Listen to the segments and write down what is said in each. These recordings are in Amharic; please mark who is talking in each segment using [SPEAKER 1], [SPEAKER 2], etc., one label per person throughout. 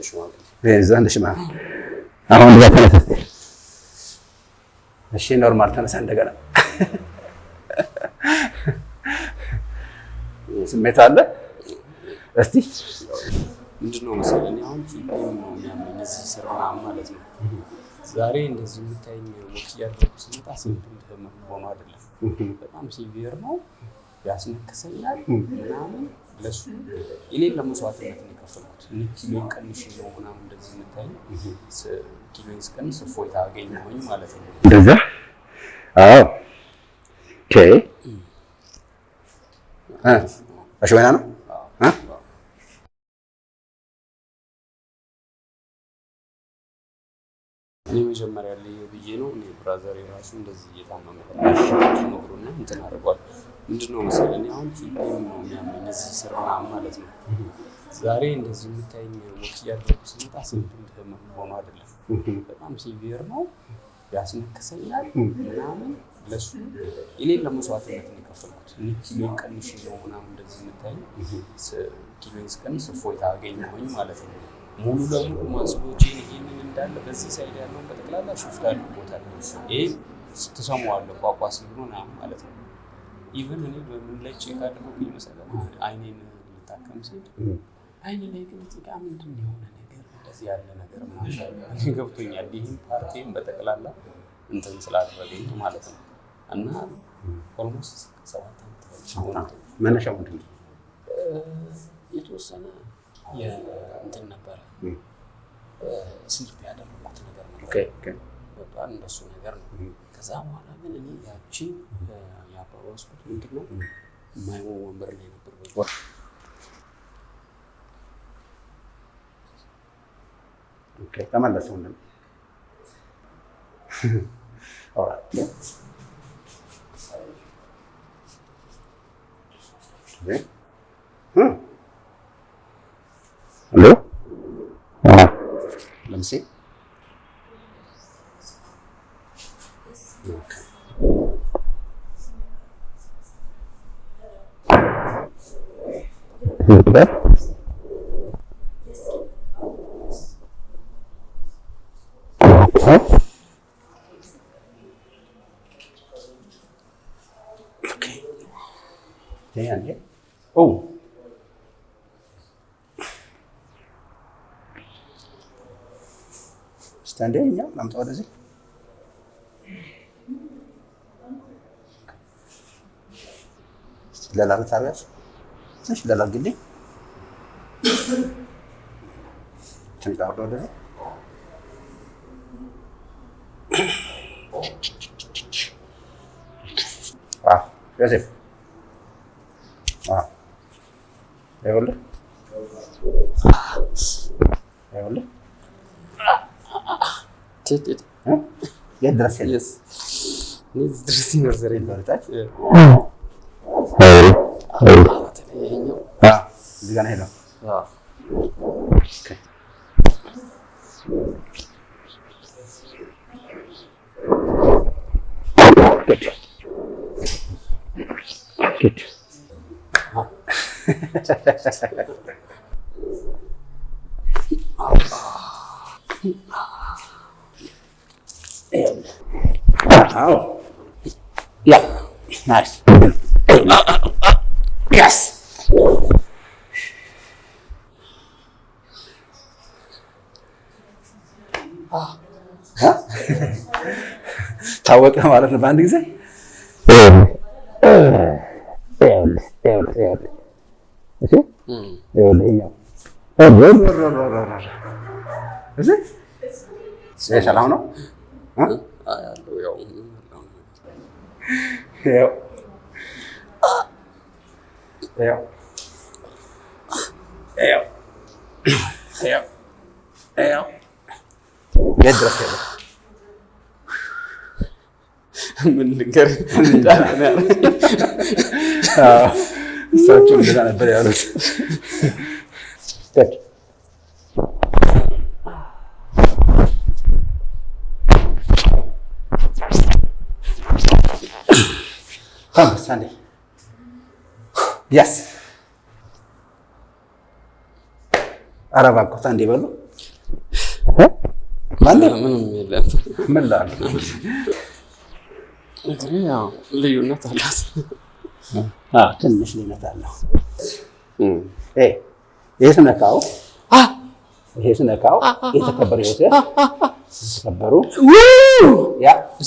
[SPEAKER 1] አሁን ተነሳ። እሺ ኖርማል ተነሳ። እንደገና ስሜት አለ። እስቲ
[SPEAKER 2] ምንድነው መሰለኝ አሁን ፊልም ነው የሚያመኝ እዚህ ስራ ማለት ነው። ዛሬ እንደዚህ የምታይኝ ወቅት እያደረጉ ስመጣ ስሜት እንደመሆኑ አይደለም፣ በጣም ሲቪየር ነው ያስነክሰኛል ምናምን ለሱ የሌለ መስዋዕትነት ነው የከፈልኩት። ኪሎን ቀንሽ ነው ምናምን እንደዚህ የምታይ ኪሎን ስቀንስ እፎይታ አገኘሁኝ ማለት
[SPEAKER 1] ነው። እንደዛ አዎ። ኦኬ እሺ፣ ወይና ነው
[SPEAKER 2] እኔ መጀመሪያ ላይ ብዬ ነው እኔ ብራዘር የራሱ እንደዚህ እየታመመ ነግሮና እንትን አድርጓል። ምንድነው መሰለህ እኔ አሁን ፊልም ነው የሚያመኝ እዚህ ስር ምናምን ማለት ነው። ዛሬ እንደዚህ የምታይኝ ወክ እያደረጉ ስመጣ ስንት ህመም ሆኖ አይደለም፣ በጣም ሲቪየር ነው ያስነክሰኛል ምናምን። ለሱ እኔን ለመስዋዕትነት ነው የከፈልኩት። ኪሎን ቀንሽ ነው ምናምን እንደዚህ የምታይኝ ኪሎን ስቀንስ እፎይታ አገኘሁኝ ማለት ነው። ሙሉ ለሙሉ ማስቦቼን ይህንን እንዳለ በዚህ ሳይድ ያለውን በጠቅላላ ሽፍት አድርጎታል። ይህ ስትሰማዋለህ ቋቋ ሲሆን ማለት ነው። ኢቨን እኔ በምን ላይ ቼክ አድርገው ይመስላል አይኔን ልታከም ስል አይኔ ላይ ግን ጭቃ ምንድን የሆነ ነገር እንደዚህ ያለ ነገር ማሻ ገብቶኛል። ይህም ፓርቲም በጠቅላላ እንትን ስላደረገኝ ማለት ነው እና ኦልሞስት
[SPEAKER 1] ሰባት መነሻ ምንድን ነው የተወሰነ እንትን ነበረ ስሊፕ ያደረጉት ነገር እንደሱ ነገር ነው። ከዛ በኋላ ግን እኔ ያቺ ያባባስኩት ምንድን ነው የማይሆን ወንበር ላይ ነበር ተመለሰ። Liễu à. Làm xếp Hiểu đấy Okay. Okay. Thế hẳn hết. Oh. ዘንዴን እኛ ናምጣ ወደዚህ ለላ ብታረጋስ ትንሽ ትንሽ ወደዚህ ዮሴፍ ይኸውልህ ይኸውልህ check ಇದೆ ಎದ್ದು dress ಎಸ್ ನೀವು ಡ್ರೆಸ್ ನೋಡ್ತಾರೆ ಇಲ್ಲಿ ಬರುತ್ತಾ ಇದೀಗಾನ ಹೇಳು Good. Allah. Allah. Oh. ታወቀ ማለት ነው በአንድ ጊዜ። ሰላም ነው። ያለው ያው ያው ያው ያው ያው ያው የት ድረስ ያለው ምን ልንገርህ? እሳቸው እንደዛ ነበር ያሉት። Come, Sunday. Yes. ኧረ እባክዎት አንዴ በሉ። ልዩነት አላት? ትንሽ ልዩነት አለው። ይሄ ስነካው ይሄ ስነካው የተከበሩ ህይወት ተከበሩ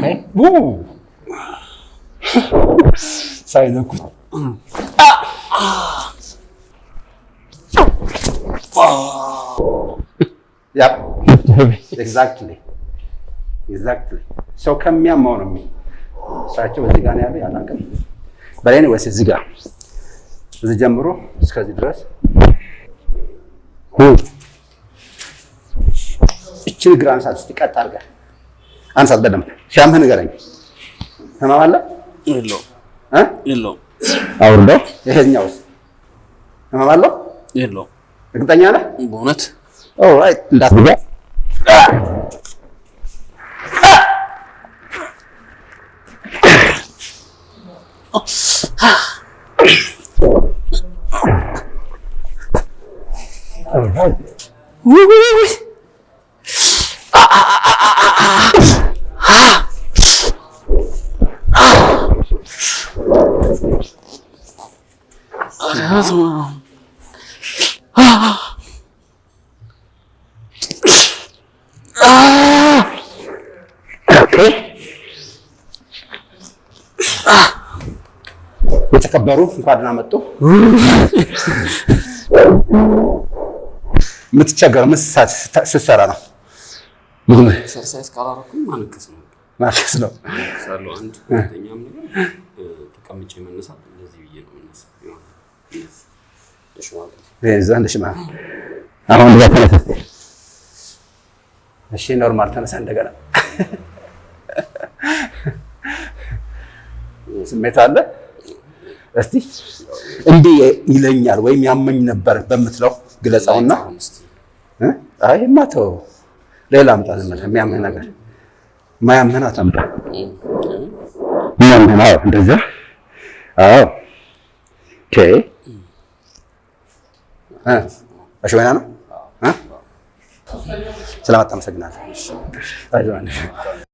[SPEAKER 1] Okay. Woo. Sai da cu. Ah! Ah! Oh. Yep. exactly. ሰው ከሚያማው ነው የሚ እሳቸው እዚህ ጋር ነው በላይ ወይስ እዚህ ጋር እዚህ ጀምሮ እስከዚህ ድረስ እቺን ግራን ስትቀጥ አድርገህ አንሳት በደምብ ሲያምህ ንገረኝ። ህመም አለ የለውም? እ ህመም አለው እርግጠኛ ነህ? በእውነት ኦልራይት። እንዳትገባ ኦልራይት የተከበሩ እንኳን ደህና መጡ። የምትቸገር ምን ስትሰራ ነው? ማልቀስ ነው። ተቀምጬ መነሳት እንደዚህ ብዬ ነው አሁን ተነስ። እሺ፣ ኖርማል ተነሳ። እንደገና ስሜት አለ። እስቲ እንዲህ ይለኛል ወይም ያመኝ ነበር በምትለው ግለጻውና፣ አይ ማተው ሌላ አምጣ። ዝም ብለህ የሚያምህ ነገር ማያምህን አታምጣ። የሚያምህን አዎ፣ እንደዚያ አዎ። ኦኬ በሽመና ነው። ስለመጣ አመሰግናለሁ።